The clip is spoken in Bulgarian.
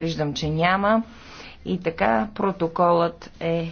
Виждам, че няма. И така протоколът е